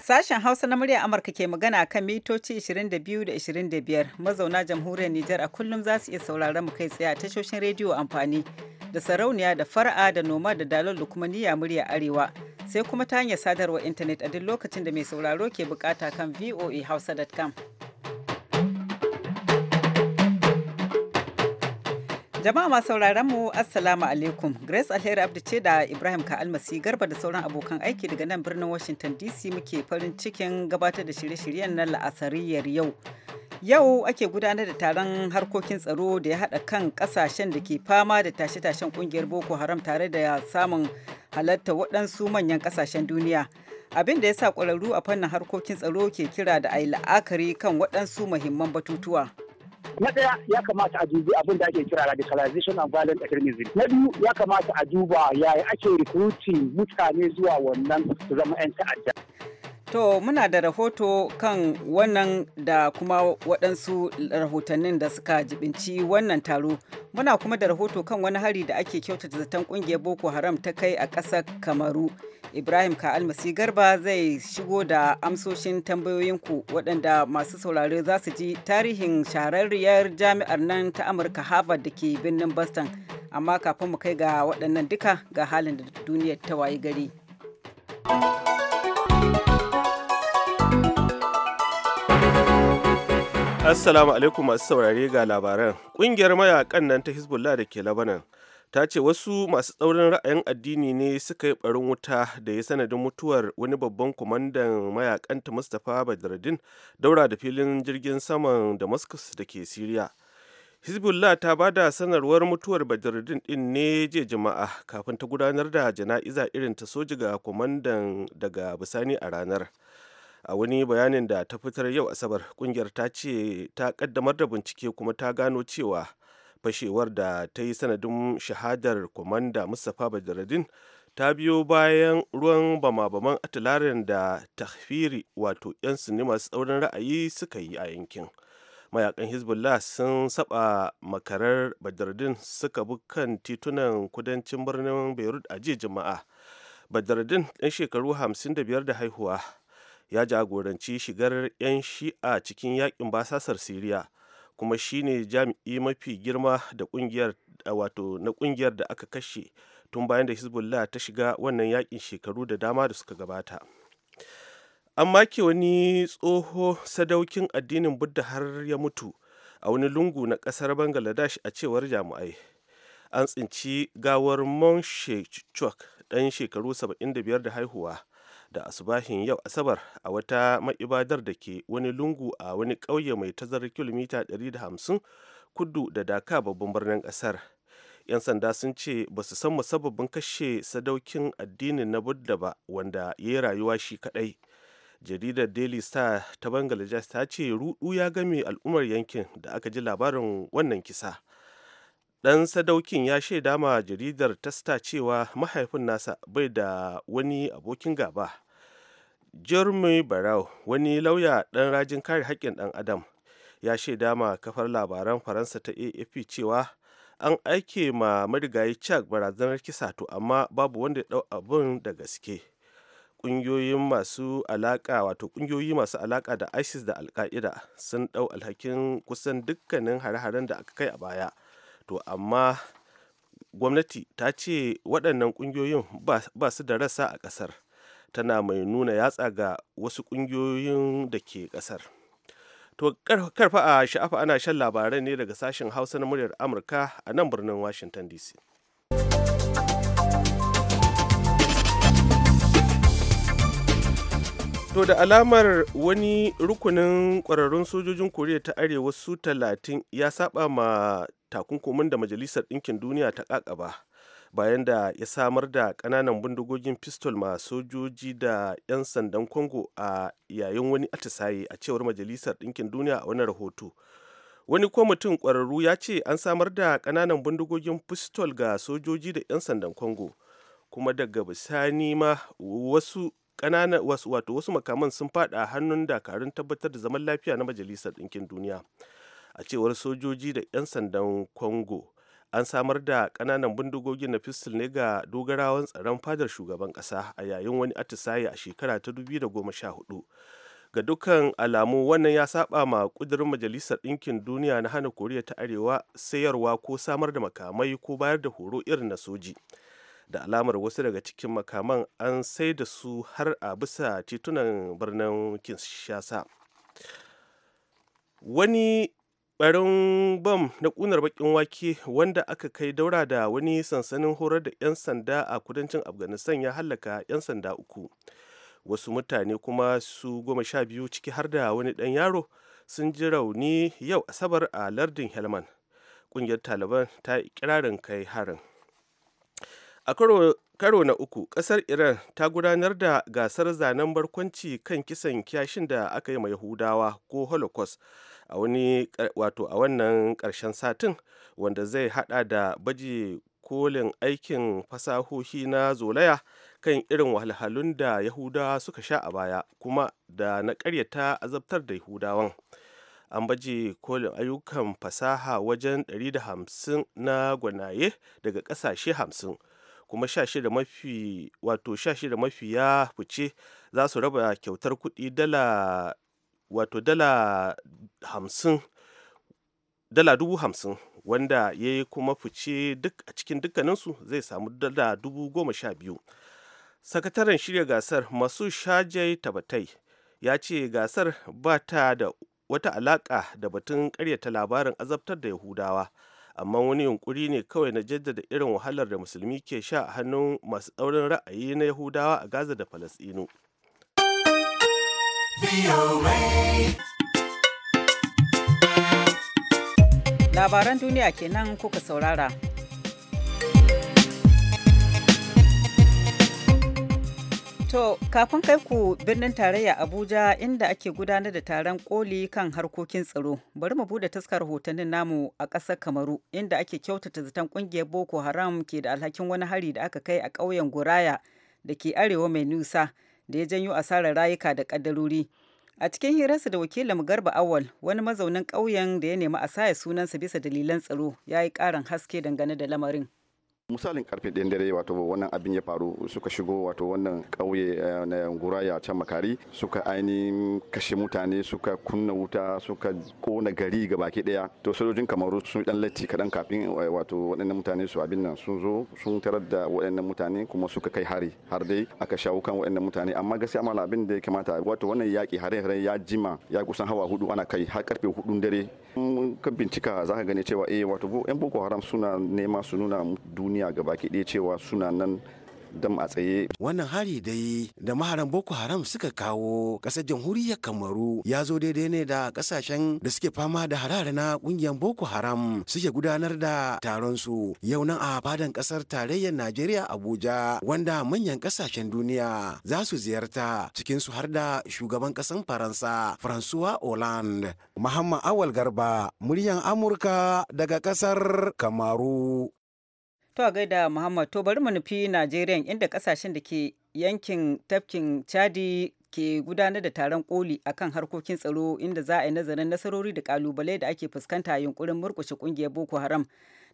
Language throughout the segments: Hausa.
Sashen Hausa na murya Amurka ke magana kan mitoci 22 da 25 mazauna jamhuriyar Nijar a kullum za su iya sauraron mu kai tsaye a tashoshin rediyo amfani da sarauniya da fara'a da noma da dalol da kuma niyya murya arewa sai kuma ta hanyar sadarwar intanet a duk lokacin da mai sauraro ke bukata kan voahausa.com. Jama'a masu sauraron mu Assalamu alaikum. Grace Alheri abdu ce da Ibrahim Ka'almasi Garba da sauran abokan aiki daga nan birnin Washington DC muke farin cikin gabatar da shirye-shiryen na la'asariyar yau. Yau ake gudanar da taron harkokin tsaro da ya haɗa kan ƙasashen da ke fama da tashe-tashen ƙungiyar Boko Haram tare da samun halarta waɗansu manyan ƙasashen duniya. Abin da ya sa ƙwararru a fannin harkokin tsaro ke kira da a la'akari kan waɗansu muhimman batutuwa. na ɗaya ya kamata a dubi abin da ake kira radicalization and violent extremism na biyu ya kamata a duba yaya ake recruiting mutane zuwa wannan su zama 'yan ta'adda To muna da rahoto kan wannan da kuma waɗansu rahotannin da suka jibinci wannan taro. Muna kuma da rahoto kan wani hari da ake kyautata zaton ƙungiyar Boko Haram ta kai a ƙasar Kamaru. Ibrahim Ka'almasi Garba zai shigo da amsoshin tambayoyinku waɗanda masu saurare za su ji tarihin shahararriyar jami'ar nan ta Amurka Harvard da ke birnin Boston. Amma kafin mu kai ga waɗannan duka ga halin da duniyar ta wayi gari. Assalamu alaikum masu saurare ga labaran. Kungiyar mayakan nan ta Hezbollah da ke Lebanon ta ce wasu masu tsaurin ra'ayin addini ne suka yi barin wuta da ya sanadin mutuwar wani babban kwamandan mayakan ta Mustapha Badruddin daura da filin jirgin saman Damascus da ke Siriya. Hezbollah ta ba da sanarwar mutuwar Badruddin din ne je jama'a kafin ta gudanar da jana'iza irin ta soji ga kwamandan daga bisani a ranar. a wani bayanin da ta fitar yau asabar kungiyar ta ce ta kaddamar da bincike kuma ta gano cewa fashewar da ta yi sanadin shahadar kwamanda mustapha badradin ta biyo bayan ruwan bama-baman atilarin da tahfiri wato 'yan sinima tsaurin ra'ayi suka yi a yankin mayakan hezbollah sun saba makarar badardin suka bi kan titunan kudancin birnin beirut a jiya juma'a badardin ɗan shekaru 55 da haihuwa ya jagoranci shigar 'yan shi'a cikin yakin basasar siriya kuma shi ne jami'i mafi girma da kungiyar wato na kungiyar da aka kashe tun bayan da hezbollah ta shiga wannan yakin shekaru da dama da suka gabata an make wani tsoho sadaukin addinin budda har ya mutu a wani lungu na kasar bangladesh a cewar jami'ai an tsinci gawar monshe chuk dan shekaru 75 da haihuwa da asubahin yau asabar a wata ma'ibadar da ke wani lungu a wani ƙauye mai tazarar kilomita 150 kudu da daka babban birnin ƙasar 'yan sanda sun ce ba su san musabbabin kashe sadaukin addinin na budda ba wanda ya yi rayuwa shi kaɗai. jaridar daily star ta bangladesh ta ce rudu ya game al'ummar yankin da aka ji labarin wannan kisa Ɗan sadaukin ya shaida ma jaridar tasta cewa mahaifin nasa bai da wani abokin gaba jeremy barau wani lauya ɗan rajin kare haƙƙin ɗan adam ya shaida ma kafar labaran faransa ta afp cewa an aike ma marigayi chak barazanar kisa to amma babu wanda ya dau abin da gaske kungiyoyin masu alaka wato ƙungiyoyi masu alaka da isis da alka'ida sun dau alhakin kusan dukkanin hare-haren da aka kai a baya to amma gwamnati ta ce waɗannan ƙungiyoyin ba su da rasa a ƙasar tana mai nuna yatsa ga wasu ƙungiyoyin da ke ƙasar to karfa a sha'afa ana shan labarai ne daga sashen hausa na muryar amurka a nan birnin washington dc To da alamar wani rukunin kwararrun sojojin Koriya ta Arewa su talatin ya saba ma takunkumin da majalisar ɗinkin duniya ta ƙaƙaba bayan da ya samar da ƙananan bindigogin pistol masu sojoji da 'yan sandan congo a yayin wani atisaye a cewar majalisar ɗinkin duniya a wani rahoto wani kwamitin ƙwararru ya ce an samar da ƙananan bindigogin pistol ga sojoji da 'yan sandan congo kuma daga bisani ma wasu ƙananan wato wasu makaman sun faɗa hannun dakarun tabbatar da zaman lafiya na majalisar ɗinkin duniya a cewar sojoji da 'yan sandan congo an samar da kananan bindigogi na fistul ne ga dogarawan tsaron fadar shugaban kasa, a yayin wani atisaye a shekara ta 2014 ga dukkan alamu wannan ya saba ma kudurin majalisar ɗinkin duniya na hana koriya ta arewa sayarwa ko samar da makamai ko bayar da horo irin na soji da alamar wasu daga cikin makaman an sai da su har a bisa titunan birnin kinshasa wani barin bam na kunar bakin wake wanda aka kai daura da wani sansanin horar da 'yan sanda a kudancin afghanistan ya hallaka 'yan sanda uku wasu mutane kuma su goma sha biyu ciki har da wani ɗan yaro sun ji rauni yau asabar a lardin helman ƙungiyar taliban ta yi kirarin kai harin a karo na uku kasar iran ta gudanar da gasar zanen barkwanci kan kisan kyashin da aka yi ma yahudawa ko holocaust a wani wato a wannan ƙarshen satin wanda zai hada da baje kolin aikin fasahohi na zolaya kan irin wahalhalun da yahudawa suka sha a baya kuma da na karyata azabtar da yahudawan an baje kolin ayyukan fasaha wajen 150 na gwanaye daga ƙasashe 50 kuma 16 mafi wato mafiya fice za su raba kyautar kuɗi dala wato dala hamsin dubu hamsin wanda ya yi kuma fice a cikin dukkaninsu zai samu dala dubu goma sha biyu sakataren shirya gasar masu shajai tabatai ya ce gasar ba ta da wata alaka da batun karyata labarin azabtar da yahudawa amma wani yunkuri ne kawai na jaddada irin wahalar da musulmi ke sha a hannun masu tsaurin ra'ayi na yahudawa a gaza da falasɗinu Labaran duniya kenan kuka saurara. To, kafin kai ku birnin tarayya Abuja inda ake gudanar da taron koli kan harkokin tsaro, bari mu bude taskar rahotannin namu a ƙasar Kamaru inda ake kyautata zaton ƙungiyar Boko Haram ke da alhakin wani hari da aka kai a ƙauyen guraya da ke arewa mai nusa da ya janyo asarar rayuka da ƙaddarori. A cikin hirarsa da wakilin mu Garba Awal, wani mazaunin ƙauyen da ya nemi a saya sunansa bisa dalilan tsaro, ya yi ƙarin haske dangane da lamarin. misalin karfe ɗin dare wato wannan abin ya faru suka shigo wato wannan ƙauye eh, na guraya can makari suka ainihin kashe mutane suka kunna wuta suka kona gari ga baki ɗaya to sojojin kamaru sun dan latti kaɗan kafin eh, wato waɗannan mutane su abin nan sun zo sun tarar da waɗannan mutane kuma suka kai hari har dai aka shawo kan waɗannan mutane amma gaskiya mala abin da ya kamata wato wannan yaƙi hare-hare ya jima ya kusan hawa hudu ana kai har karfe hudu dare ka bincika za ka gane cewa eh wato yan boko haram suna nema su nuna duniya duniya gaba ɗaya cewa suna nan dam a tsaye. Wannan hari dai da maharan Boko Haram suka kawo ƙasar jamhuriyar Kamaru ya zo daidai ne da ƙasashen da suke fama da harare na ƙungiyar Boko Haram suke gudanar da taron su yau nan a fadan ƙasar tarayyar Najeriya Abuja wanda manyan ƙasashen duniya za su ziyarta cikin su har da shugaban ƙasar Faransa François Hollande. Muhammad Awal Garba muryan Amurka daga ƙasar Kamaru. To a gaida Muhammad to bari mu nufi Najeriya inda kasashen da ke yankin tafkin Chadi ke gudanar da taron koli akan harkokin tsaro inda za a yi nazarin nasarori da kalubale da ake fuskanta a yunkurin murkushe kungiyar Boko Haram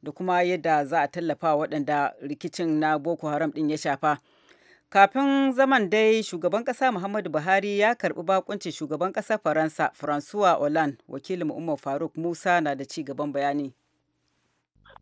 da kuma yadda za a tallafa waɗanda rikicin na Boko Haram din ya shafa. Kafin zaman dai shugaban ƙasa Muhammadu Buhari ya karbi bakuncin shugaban kasa Faransa François Hollande wakilin Umar Faruk Musa na da ci gaban bayani.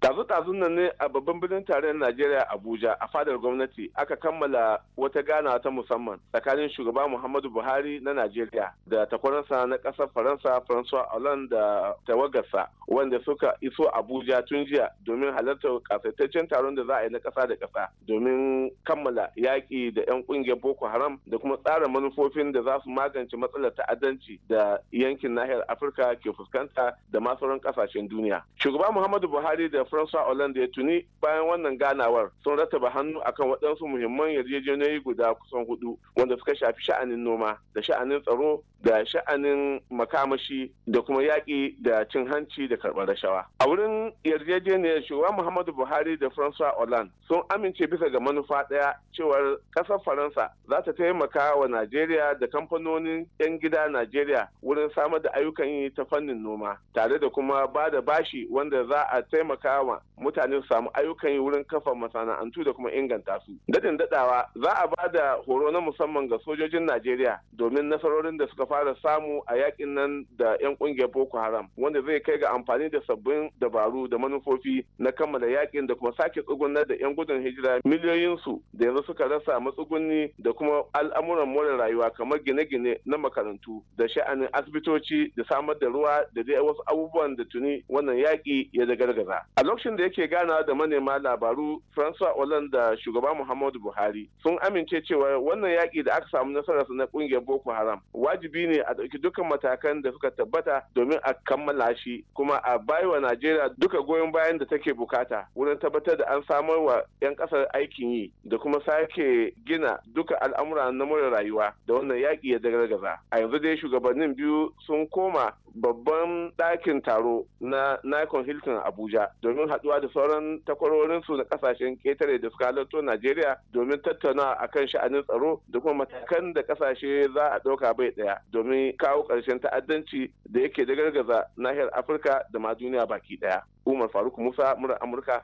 tazu-tazun nan ne a babban birnin tarayyar najeriya abuja a fadar gwamnati aka kammala wata ganawa ta musamman tsakanin shugaba muhammadu buhari na najeriya da takwaransa na ƙasar faransa François hollande da tawagarsa wanda suka iso abuja tun jiya domin halartar kasaitaccen taron da za a yi na ƙasa da ƙasa domin kammala yaƙi da 'yan ƙungiyar boko haram da kuma tsara manufofin da za su magance matsalar ta'addanci da yankin nahiyar afirka ke fuskanta da masu kasashen ƙasashen duniya shugaba muhammadu buhari da Francois Hollande ya tuni bayan wannan ganawar sun rattaba hannu akan waɗansu muhimman yarjejeniyoyi guda kusan hudu wanda suka shafi sha'anin noma da sha'anin tsaro da sha'anin makamashi da kuma yaƙi da cin hanci da karɓar rashawa. A wurin yarjejeniyar shugaba Muhammadu Buhari da Francois Hollande sun amince bisa ga manufa ɗaya cewar ƙasar Faransa za ta taimaka wa Najeriya da kamfanonin 'yan gida Najeriya wurin samar da ayyukan yi ta fannin noma tare da kuma ba da bashi wanda za a taimaka taimaka mutane su samu ayyukan yi wurin kafa masana'antu da kuma inganta su. Dadin dadawa za a ba da horo na musamman ga sojojin Najeriya domin nasarorin da suka fara samu a yakin nan da 'yan kungiyar Boko Haram wanda zai kai ga amfani da sabbin dabaru da manufofi na kammala yakin da kuma sake tsugunar da 'yan gudun hijira miliyoyin su da yanzu suka rasa matsugunni da kuma al'amuran more rayuwa kamar gine-gine na makarantu da sha'anin asibitoci da samar da ruwa da dai wasu abubuwan da tuni wannan yaƙi ya dagargaza. a lokacin da yake gana da manema labaru francois hollande da shugaba muhammadu buhari sun amince cewa wannan yaƙi da aka samu nasararsa na ƙungiyar boko haram wajibi ne a ɗauki dukkan matakan da suka tabbata domin a kammala shi kuma a baiwa najeriya duka goyon bayan da take bukata wurin tabbatar da an samar wa 'yan ƙasar aikin yi da kuma sake gina duka al'amura na more rayuwa da wannan yaƙi ya dagargaza a yanzu dai shugabannin biyu sun koma babban ɗakin taro na nikon hilton abuja domin haduwa da sauran takwarorinsu na kasashen ketare da suka halarto Najeriya domin tattauna akan sha'anin tsaro da kuma matakan da kasashe za a ɗauka bai ɗaya domin kawo ƙarshen ta'addanci da yake da gargaza nahiyar Afirka da ma duniya baki ɗaya. Umar Faruk Musa, murar Amurka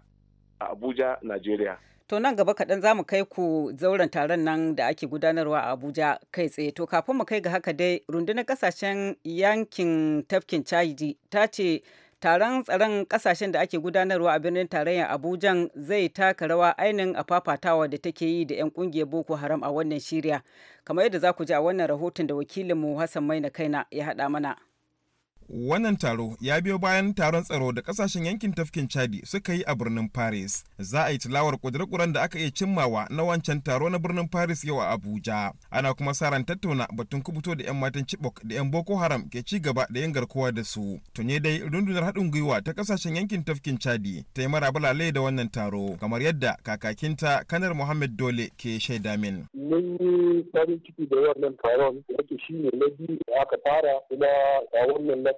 a Abuja, Najeriya. To nan gaba kaɗan za mu kai ku zauren taron nan da ake gudanarwa a Abuja kai tsaye. To kafin mu kai ga haka dai rundunar ƙasashen yankin tafkin Chadi ta ce taron tsaron kasashen da ake gudanarwa a birnin tarayyar abuja zai taka rawa ainihin a fafatawa da take yi da 'yan kungiyar boko haram a wannan shirya kamar yadda za ku ji a wannan rahoton da wakilinmu hassan maina kaina ya haɗa mana Wannan taro ya biyo bayan taron tsaro da kasashen yankin tafkin Chadi suka yi a birnin Paris. Za a yi tilawar kudurkuren da aka iya cimmawa na wancan taro na birnin Paris yau a Abuja. Ana kuma saran tattauna batun kubuto da 'yan matan Chibok da 'yan Boko Haram ke ci gaba da yin garkuwa da su. Tune dai rundunar haɗin gwiwa ta kasashen yankin tafkin Chadi ta yi marabalale da wannan taro kamar yadda kakakinta Kanar Mohammed Dole ke shaida min. Mun ciki da wannan taron da shi ne na biyu da aka fara kuma a wannan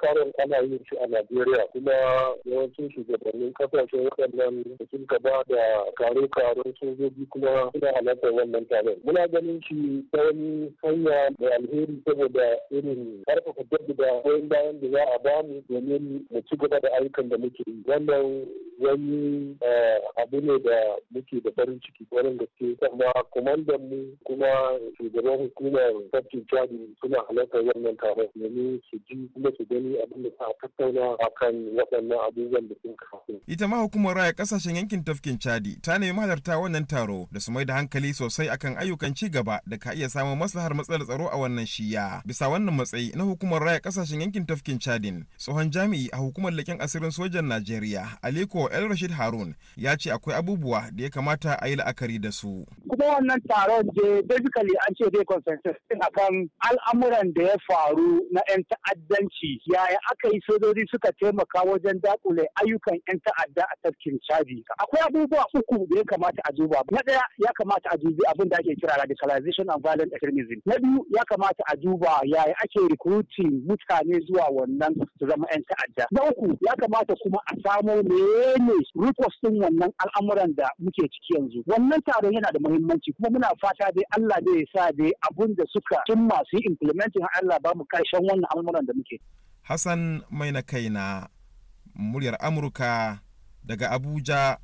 karin ana yin shi a Najeriya kuma yawancin shugabannin kasashen waɗannan da sun gaba da kare-karen sojoji kuma suna halartar wannan taron. Muna ganin shi ta wani hanya da alheri saboda irin karfafa jaddada goyon bayan da za a bamu domin mu ci gaba da ayyukan da muke yi. Wannan wani eh, abu ne da muke da farin ciki wurin gaske kuma kwamandan mu kuma shugaban hukumar tafkin cadi suna halartar wannan taron domin su ji kuma su gani abin da ta akan waɗannan abubuwan da sun Ita ma hukumar raya kasashen yankin tafkin Chadi ta nemi halarta wannan taro da su mai da hankali sosai akan ayyukan ci gaba da ka iya samun maslahar matsalar tsaro a wannan shiya. Bisa wannan matsayi na hukumar raya kasashen yankin tafkin Chadin tsohon jami'i a hukumar leƙen asirin sojan Najeriya Aliko El Rashid Harun ya ce akwai abubuwa da ya kamata a yi la'akari da su. Kuma wannan taron je basically an ce zai consensus akan al'amuran da ya faru na 'yan ta'addanci ya yaya aka yi sojoji suka taimaka wajen dakule ayyukan 'yan ta'adda a tafkin chadi akwai abubuwa uku da ya kamata a duba na ɗaya ya kamata a dubi abin da ake kira radicalization and violent extremism na biyu ya kamata a duba yaya ake recruiting mutane zuwa wannan su zama 'yan ta'adda na uku ya kamata kuma a samo menene rufus din wannan al'amuran da muke ciki yanzu wannan taron yana da muhimmanci kuma muna fata dai Allah zai sa dai abun da suka cimma su yi implementing Allah ba mu karshen wannan al'amuran da muke Hassan mai na kaina muryar Amurka daga Abuja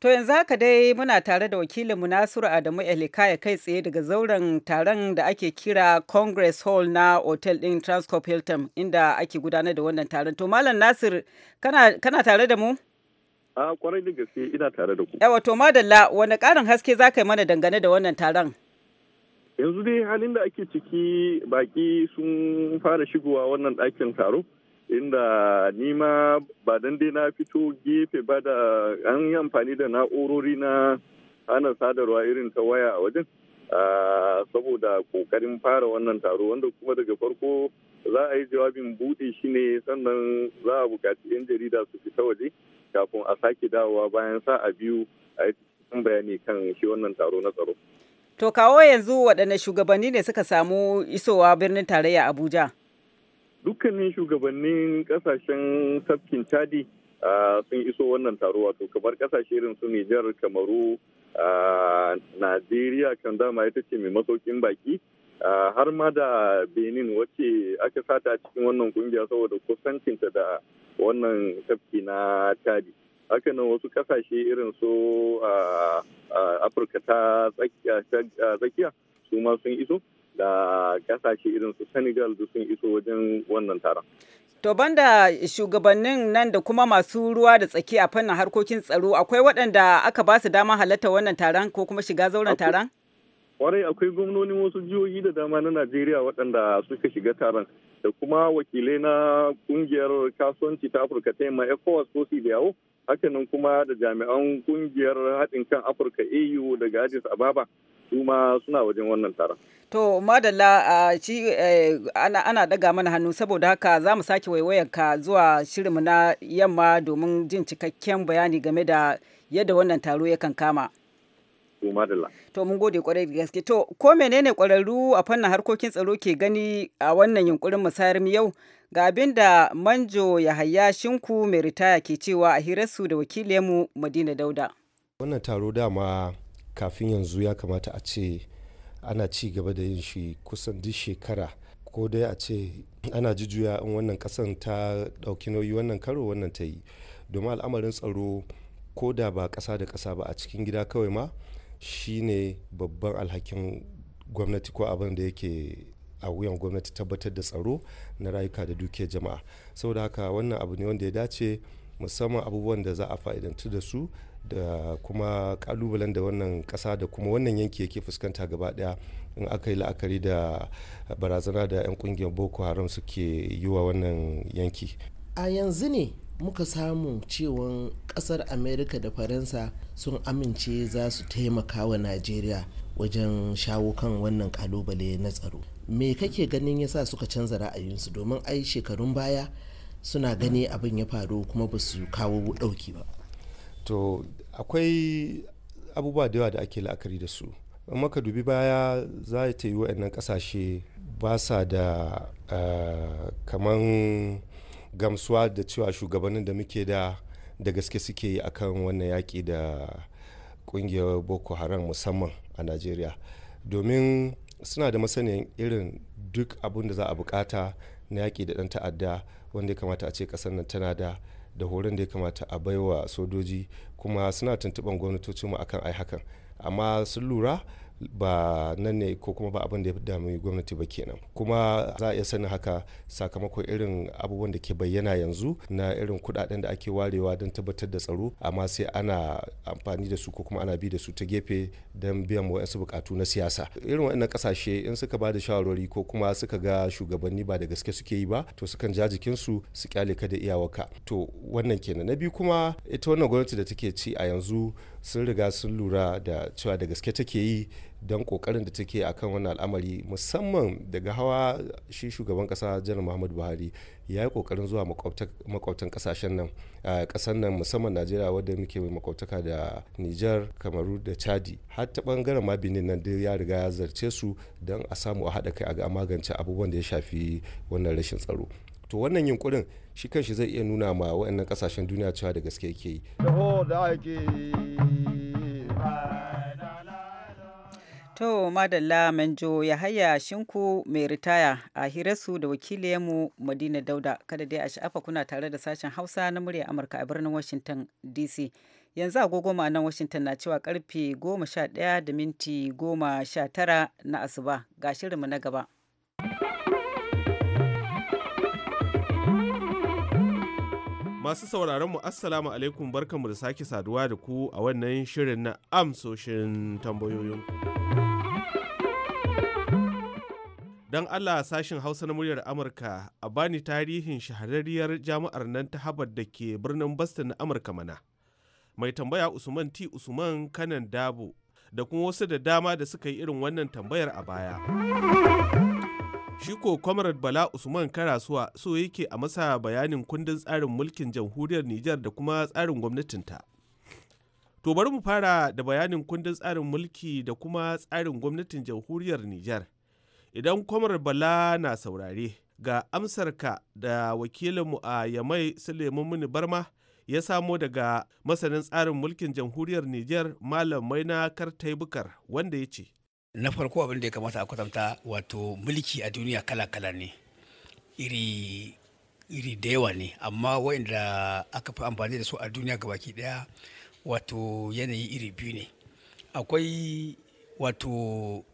To yanzu haka dai muna tare da wakilinmu Nasiru Adamu Elikaya kai tsaye daga zauren taron da ake kira Congress Hall na Hotel din Transcorp Hilton inda ake gudanar da wannan taron. To Malam Nasir, kana, tare da mu? A kwarai da gaske ina tare da ku. Yawa to madalla, wani ƙarin haske za ka yi mana dangane da wannan taron? yanzu dai halin da ake ciki baki sun fara shigowa wannan ɗakin taro inda nima ba dan dai na fito gefe ba da an yi amfani da na'urori na hana sadarwa irin ta waya a wajen saboda kokarin fara wannan taro wanda kuma daga farko za a yi jawabin buɗe shi ne sannan za a buƙaci 'yan jarida su fita waje kafin a sake dawowa bayan sa'a biyu a yi bayani kan shi wannan taro na tsaro. To kawo yanzu waɗanne shugabanni ne suka samu isowa birnin tarayya Abuja? Dukkanin shugabannin kasashen sabkin Chadi sun iso wannan taro wato kamar kasashe irin su Nijar, Kamaru, Najeriya kan dama ita ce mai masaukin baki. har ma da Benin wacce aka sata cikin wannan kungiya saboda kusancinta da wannan sabki na Chadi. haka nan wasu kasashe irin su a afirka ta tsakiya su ma sun iso da kasashe irin su senegal da sun iso wajen wannan taron to banda shugabannin nan da kuma masu ruwa da tsaki a fannin harkokin tsaro akwai waɗanda aka ba su dama halarta wannan taron ko kuma shiga zauren taron kwarai akwai gwamnoni wasu jihohi da dama na najeriya waɗanda suka shiga taron da kuma wakilai na kungiyar kasuwanci ta afirka ta yamma ecowas ko yawo hakanan kuma da jami'an kungiyar haɗin kan afirka au daga addis ababa su ma suna wajen wannan taron to madalla shi eh, ana, daga mana hannu saboda haka za mu sake waiwayar ka zuwa shirinmu na yamma domin jin cikakken bayani game da yadda wannan taro yakan kama To da To mun gode kwarai da gaske. To ko menene kwararru a fannin harkokin tsaro ke gani a wannan yunkurin musayar yau? Ga abin da Manjo Yahaya Shinku mai ritaya ke cewa a hirarsu da mu Madina Dauda. Wannan taro dama kafin yanzu ya kamata a ce ana ci gaba da yin shi kusan duk shekara ko dai a ce ana jujjuya in wannan kasan ta dauki nauyi wannan karo wannan ta yi domin al'amarin tsaro ko da ba ƙasa da kasa ba a cikin gida kawai ma shine babban alhakin gwamnati ko abin da yake a wuyan gwamnati tabbatar da tsaro na rayuka da dukiyar jama'a saboda haka wannan abu ne wanda ya dace musamman abubuwan da za a fa'idantu da su da kuma kalubalen da wannan kasa da kuma wannan yanki yake fuskanta gaba daya in aka yi la'akari da barazana da 'yan kungiyar boko haram suke yi wa wannan yanki a yanzu ne muka samu cewan kasar america da faransa sun amince za su taimaka wa najeriya wajen shawo kan wannan kalubale na tsaro me kake ganin yasa suka canza ra'ayinsu domin ai shekarun baya suna gani abin ya faru kuma ba su kawo ɗauki ba to akwai abubuwa da yawa da ake la'akari da su in maka dubi baya za ta yi wa'annan kasashe ba sa da uh, kaman gamsuwa da cewa shugabannin da muke da da gaske suke yi akan wannan yaƙi da ƙungiyar boko haram musamman a najeriya domin suna da masaniyan irin duk abin da za a bukata na yaƙi da ɗan ta'adda wanda ya kamata a ce ƙasar nan tana da da horon da ya kamata a baiwa sojoji kuma suna tuntuɓan gwamnatocinmu akan ai hakan amma sun lura ba nan ne ko kuma ba abin da ya dami gwamnati ba kenan kuma za a iya sanin haka sakamakon irin abubuwan da ke bayyana yanzu na irin kudaden da ake warewa don tabbatar da tsaro amma sai ana amfani da su ko kuma ana bi da su ta gefe don biyan waɗansu bukatu na siyasa irin waɗannan kasashe in suka ba da shawarwari ko kuma suka ga shugabanni ba da gaske suke yi ba to sukan ja jikinsu su kyale ka da iyawaka to wannan kenan na biyu kuma ita wannan gwamnati da take ci a yanzu sun riga sun lura da cewa da gaske take yi don kokarin da take a kan wannan al'amari musamman daga hawa shi shugaban kasa janar muhammadu buhari ya yi kokarin zuwa makwabtan kasashen nan kasan nan musamman najeriya wadda muke mai makwabtaka da niger kamaru da chadi har ta bangaren ma benin nan dai ya riga ya zarce su don a samu a haɗa kai a magance abubuwan da ya shafi wannan rashin tsaro to wannan yunkurin shi kanshi zai iya nuna ma waɗannan kasashen duniya cewa da gaske ke yi To Madalla Manjo ya haya shinku mai ritaya a hirarsu da wakilinmu Madina Dauda kada dai a sha'afa kuna tare da sashen Hausa na murya Amurka a birnin Washington DC. Yanzu agogo nan Washington na cewa karfe 11 da minti 19 na asuba ga shirinmu na gaba. Masu sauraron mu Assalamu alaikum barkanmu da sake saduwa da ku a wannan shirin na amsoshin tambayoyin. Don Allah sashin Hausa na muryar Amurka a bani tarihin shahararriyar jami'ar nan ta Harvard da ke birnin Boston na Amurka mana. Mai tambaya Usman T. Usman Kanan Dabo da kuma wasu da dama da suka yi irin wannan tambayar a baya. Shi ko Comrade Bala Usman Karasuwa so yake a masa bayanin kundin tsarin mulkin jamhuriyar niger da kuma tsarin gwamnatinta. To bari mu fara da bayanin kundin tsarin mulki da kuma tsarin gwamnatin jamhuriyar niger Idan Comrade Bala na saurare ga amsarka da wakilinmu a Yamai Suleiman Muni Barma ya samo daga masanin tsarin mulkin jamhuriyar niger Malam Maina Kartai Bukar wanda ya ce. na farko abin da ya kamata a kwatanta wato mulki a duniya kala-kala ne iri da yawa ne amma waɗanda aka fi amfani da su a duniya gabaki ɗaya wato yanayi iri biyu ne akwai wato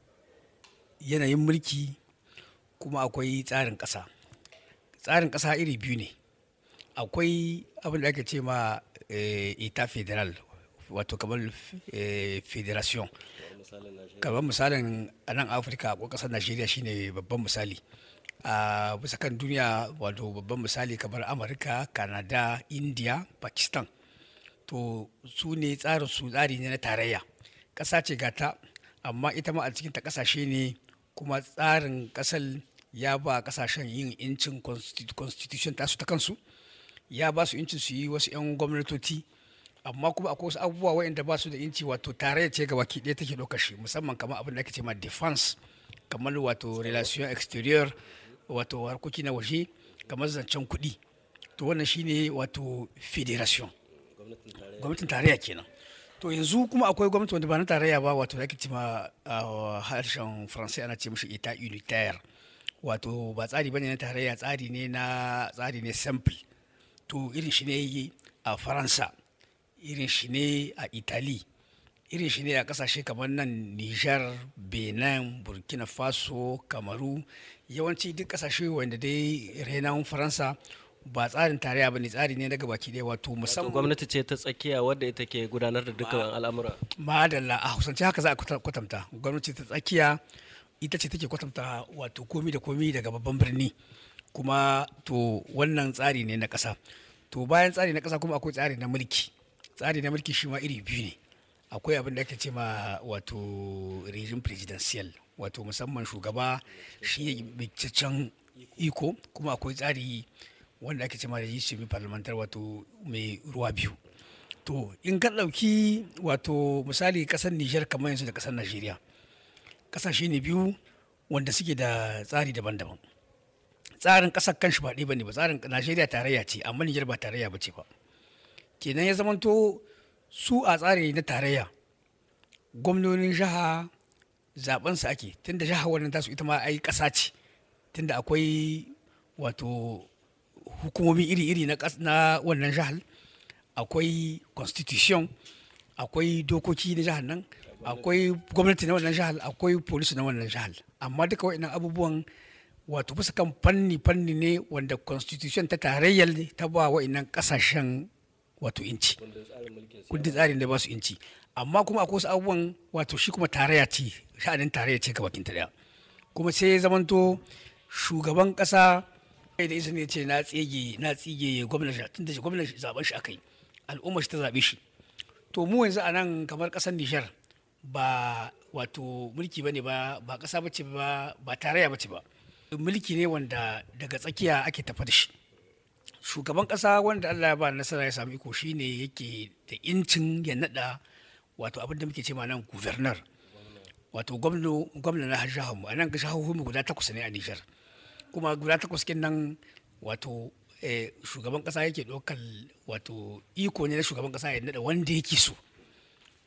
yanayin mulki kuma akwai tsarin ƙasa tsarin ƙasa iri biyu ne akwai abin da ake ce ma ita eh, federal wato kamar eh, federation kamar misalin a nan afirka ko kasar nigeria shine babban misali a bisa kan duniya wato babban misali kamar amurka canada india pakistan to su ne tsarin su tsari ne na tarayya kasa ce gata amma ita ma a cikin ta kasashe ne kuma tsarin kasar ya ba kasashen yin incin constitution tasu ta kansu ya ba su incin su yi wasu 'yan gwamnatoci amma kuma akwai wasu abubuwa waɗanda ba su da inci wato tare ce ga baki ɗaya take lokaci musamman kamar abin da ake ce ma defense kamar wato relation exterior wato harkoki na waje kamar zancen kuɗi to wannan shine wato federation gwamnatin tarayya kenan to yanzu kuma akwai gwamnati wanda ba na tarayya ba wato da ake ce ma ah, harshen faransai ana ce mishi ita unitaire wato ba tsari bane na tarayya tsari ne na tsari ne simple to irin shi ne a faransa irin shi ne a italy irin shi ne a kasashe kamar nan niger benin burkina faso kamaru yawanci duk kasashe wanda dai renan faransa ba tsarin tarayya ba ne tsari ne daga baki ɗaya wato musamman gwamnati ce ta tsakiya wadda ita ke gudanar da dukkan al'amura madalla a kusanci haka za a kwatanta gwamnati ta tsakiya ita ce take kwatanta wato komi da komi daga babban birni kuma to wannan tsari ne na ƙasa to bayan tsari na ƙasa kuma akwai tsari na mulki tsari na mulki shi ma iri biyu ne akwai abin da ake ce ma wato rijin presidential wato musamman shugaba shi ya binciccen iko kuma akwai tsari wanda ake ce ma rijin semi wato mai ruwa biyu to in ka ɗauki wato misali ƙasar nijar kamar yanzu da ƙasar najeriya ƙasashe ne biyu wanda suke da tsari daban-daban tsarin ƙasar kanshi ba ɗaya ba ne ba tsarin najeriya tarayya ce amma nijar ba tarayya ba ce ba kenan ya zamanto su a tsari na tarayya gwamnonin jiha su ake tunda jiha wannan tasu ita ma ai kasa ce tunda akwai wato hukumomi iri-iri na wannan jihar akwai constitution akwai dokoki na jihar nan akwai gwamnati na wannan jihar akwai polisi na wannan jihar amma duka wa'annan abubuwan wato bisa kan fanni fanni ne wanda constitution ta tarayyar ta ba wa'annan kasashen wato inci kundin tsarin da ba su inci amma kuma akwai wasu abubuwan wato shi kuma tarayya ce sha'anin tarayya ce bakin ta daya kuma sai ya zamanto shugaban kasa da izini ya ce na tsige na tsige gwamnati tun da gwamnati zaben shi akai al'umma shi ta zabe shi to mu yanzu a nan kamar kasar Nijar ba wato mulki bane ba ba kasa bace ba ba tarayya bace ba mulki ne wanda daga tsakiya ake tafa da shi shugaban kasa wanda Allah ya ba nasara ya samu iko shine yake da incin ya nada wato abin da muke ce nan governor wato gwamno gwamna na jihar mu anan jihohin mu guda takwas ne a Nijar kuma guda takwas kin nan wato eh, shugaban kasa yake ɗaukar wato iko ne na shugaban kasa ya nada wanda yake so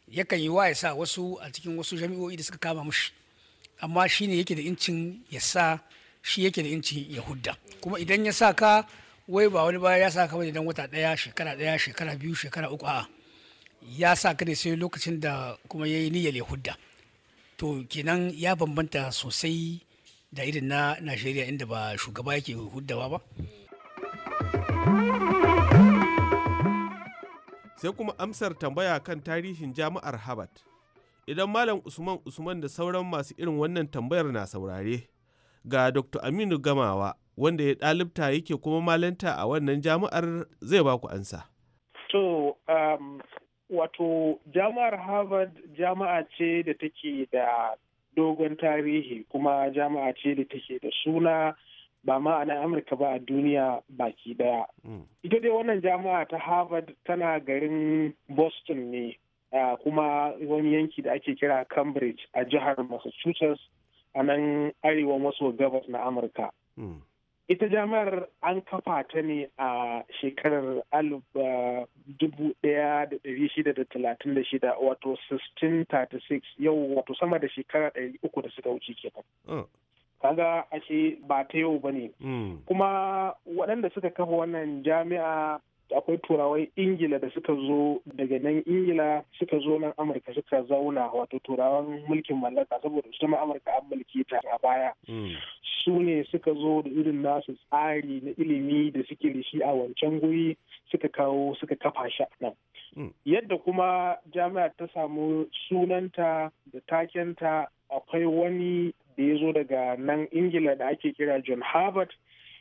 yakan yi wa ya sa wasu a cikin wasu jami'o'i da suka kama mushi amma shine yake da incin ya sa shi yake da incin ya hudda kuma idan ya sa ka wai ba wani baya ya sa kawai idan wata ɗaya shekara daya shekara biyu shekara uku a ya sa ka ne sai lokacin da kuma ya yi niyyar ya to kenan ya bambanta sosai da irin na najeriya inda ba shugaba yake huddawa ba sai kuma amsar tambaya kan tarihin jami'ar harvard idan malam usman usman da sauran masu irin wannan tambayar na saurare ga dr aminu gamawa wanda ya ɗalibta yake kuma malanta a wannan jami'ar zai ba ku ansa. To, um, wato jami'ar Harvard jami'a ce da take da dogon tarihi kuma jami'a ce da take da suna ba ma a Amurka ba a duniya baki daya. Hmm. Ita dai wannan jami'a ta Harvard tana garin Boston ne uh, kuma wani yanki da ake kira Cambridge a jihar Massachusetts a nan arewa maso gabas na Amurka. Hmm. ita jami'ar an kafa ta ne a shekarar ah, shida wato 1636 yau wato sama da shekara 300 da suka wuce kenan. Hmm. kaga ashe ba ta yau ba ne hmm. kuma waɗanda suka kafa wannan jami'a akwai turawan ingila da suka zo daga nan ingila suka zo nan amurka suka zauna wato turawan mulkin mallaka saboda su ma amurka an mulki ta a baya hmm. su ne suka zo da irin nasu tsari na ilimi da suke da shi a wancan guri suka kawo suka kafa shi nan hmm. yadda kuma jami'ar ta samu sunanta da takenta akwai wani da ya zo daga nan ingila da ake kira john harvard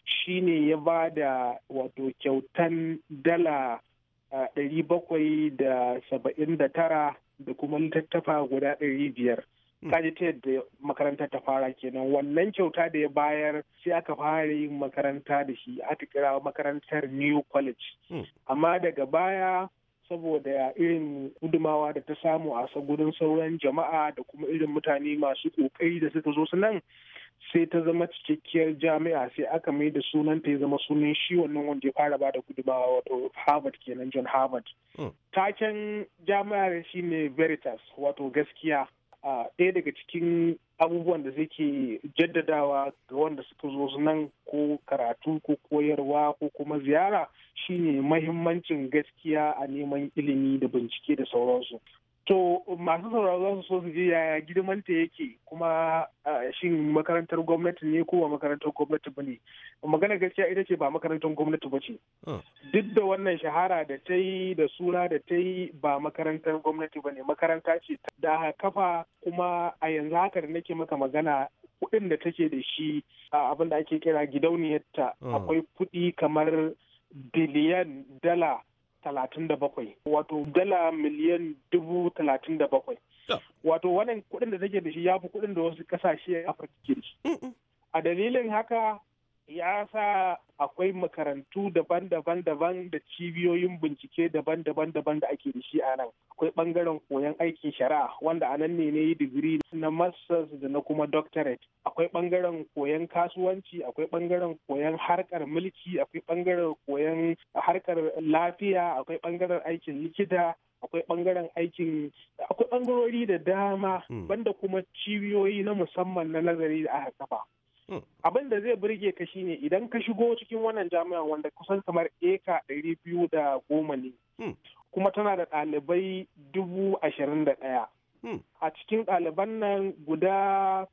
shi ne ya ba da wato kyautan dala bakwai da saba'in da tara da kuma littattafa guda ɗari biyar hmm. kaji ta yadda makarantar ta fara kenan wannan kyauta da ya bayar sai aka fara yin makaranta da shi aka kira makarantar new college hmm. amma daga baya saboda irin gudumawa da ta samu a gudun sauran jama'a da kuma irin mutane masu kokari da suka zo su nan sai ta zama cikakkiyar jami'a sai aka mai da sunan ta ya zama sunan shi wannan wanda ya fara bada gudumawa wato harvard kenan john harvard hmm. taken jami'ar shine veritas wato gaskiya ɗaya daga cikin abubuwan da ke jaddadawa ga wanda suka zo nan ko karatu ko koyarwa ko kuma ziyara shine mahimmancin gaskiya a neman ilimi da bincike da sauransu To masu sauraro za su so su ji yaya girmanta yake kuma shin makarantar gwamnati ne ko ba makarantar gwamnati ba ne. Magana gaskiya ita ce ba makarantar gwamnati ba ce. Hmm. Duk da wannan shahara da ta yi da suna da ta yi ba makarantar gwamnati ba ne makaranta ce da kafa kuma a yanzu haka da nake maka magana kuɗin da take da shi abin da ake kira gidauniyarta hmm. akwai kuɗi kamar biliyan dala talatin da bakwai wato dala miliyan dubu talatin da bakwai wato wannan kuɗin da take da shi ya fi kuɗin da wasu ƙasashe afirka ke da shi a dalilin haka ya sa akwai makarantu daban-daban daban da cibiyoyin bincike daban-daban daban da ake da shi a nan akwai bangaren koyon aikin shari'a wanda a nan ne na yi digiri na masters da na kuma doctorate akwai bangaren koyon kasuwanci akwai bangaren koyon harkar mulki akwai bangaren koyon harkar lafiya akwai bangaren aikin likita akwai bangaren aikin akwai bangarori da dama hmm. banda kuma cibiyoyi na musamman na nazari da aka kafa abin da zai burge ka shine idan ka shigo cikin wannan jami'a wanda kusan kamar eka ɗari biyu da goma ne hmm. kuma tana da ɗalibai dubu ashirin da ɗaya hmm. a cikin ɗaliban nan guda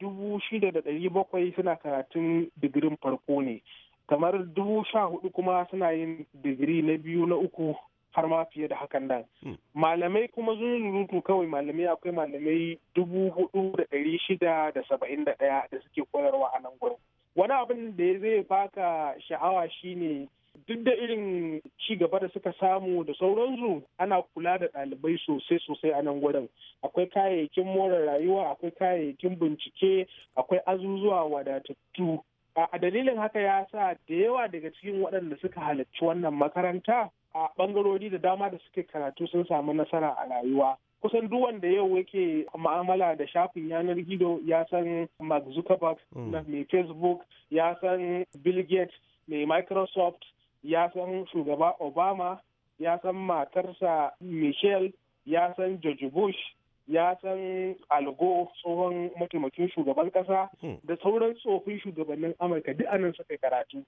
dubu shida da ɗari bakwai suna karatun digirin farko ne kamar dubu sha hudu kuma suna yin digiri na biyu na uku har ma fiye da hakan nan. Hmm. Malamai kuma zuyu-nurutu kawai malamai akwai malamai dubu hudu da ɗari shida da saba'in da ɗaya da suke koyarwa a nan gurin. Wani abin da zai baka sha'awa shine duk da irin ci gaba da suka samu da sauransu ana kula da ɗalibai sosai sosai a nan gurin akwai kayayyakin more rayuwa akwai kayayyakin bincike akwai azuzuwa wadatattu a dalilin haka ya sa da yawa daga cikin waɗanda suka halarci wannan makaranta a bangarori da dama da suke karatu sun samu nasara a rayuwa kusan duk wanda yau yake ma'amala da shafin yanar gido ya san mark zuckerberg mm. mai facebook ya san bill gates mai microsoft ya san shugaba obama ya san matarsa michelle ya san george bush ya san algo tsohon mataimakin shugaban kasa mm. da sauran tsofin shugabannin amurka duk anan suka karatu.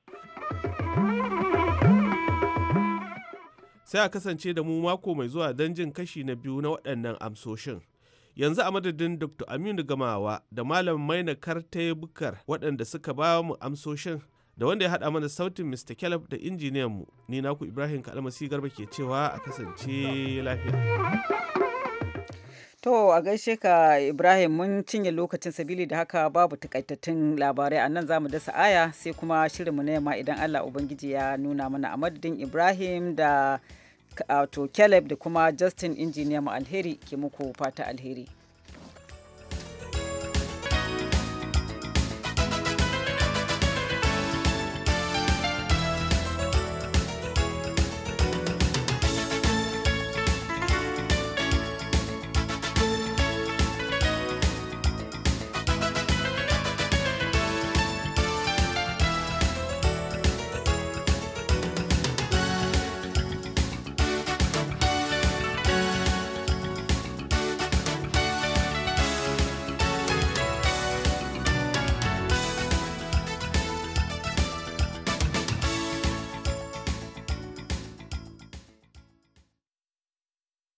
sai a kasance da mu mako mai zuwa don jin kashi na biyu na waɗannan amsoshin. Yanzu a madadin Dr. Aminu Gamawa da Malam Maina Kartai Bukar waɗanda suka ba mu amsoshin da wanda ya haɗa mana sautin Mr. Caleb da injiniyan mu ni naku Ibrahim Kalmasi Garba ke cewa a kasance lafiya. To a gaishe ka Ibrahim mun cinye lokacin sabili da haka babu takaitattun labarai a nan za mu dasa aya sai kuma shirin mu na yamma idan Allah Ubangiji ya nuna mana a madadin Ibrahim da to Caleb da kuma Justin Engineer mu alheri ke muku fata alheri.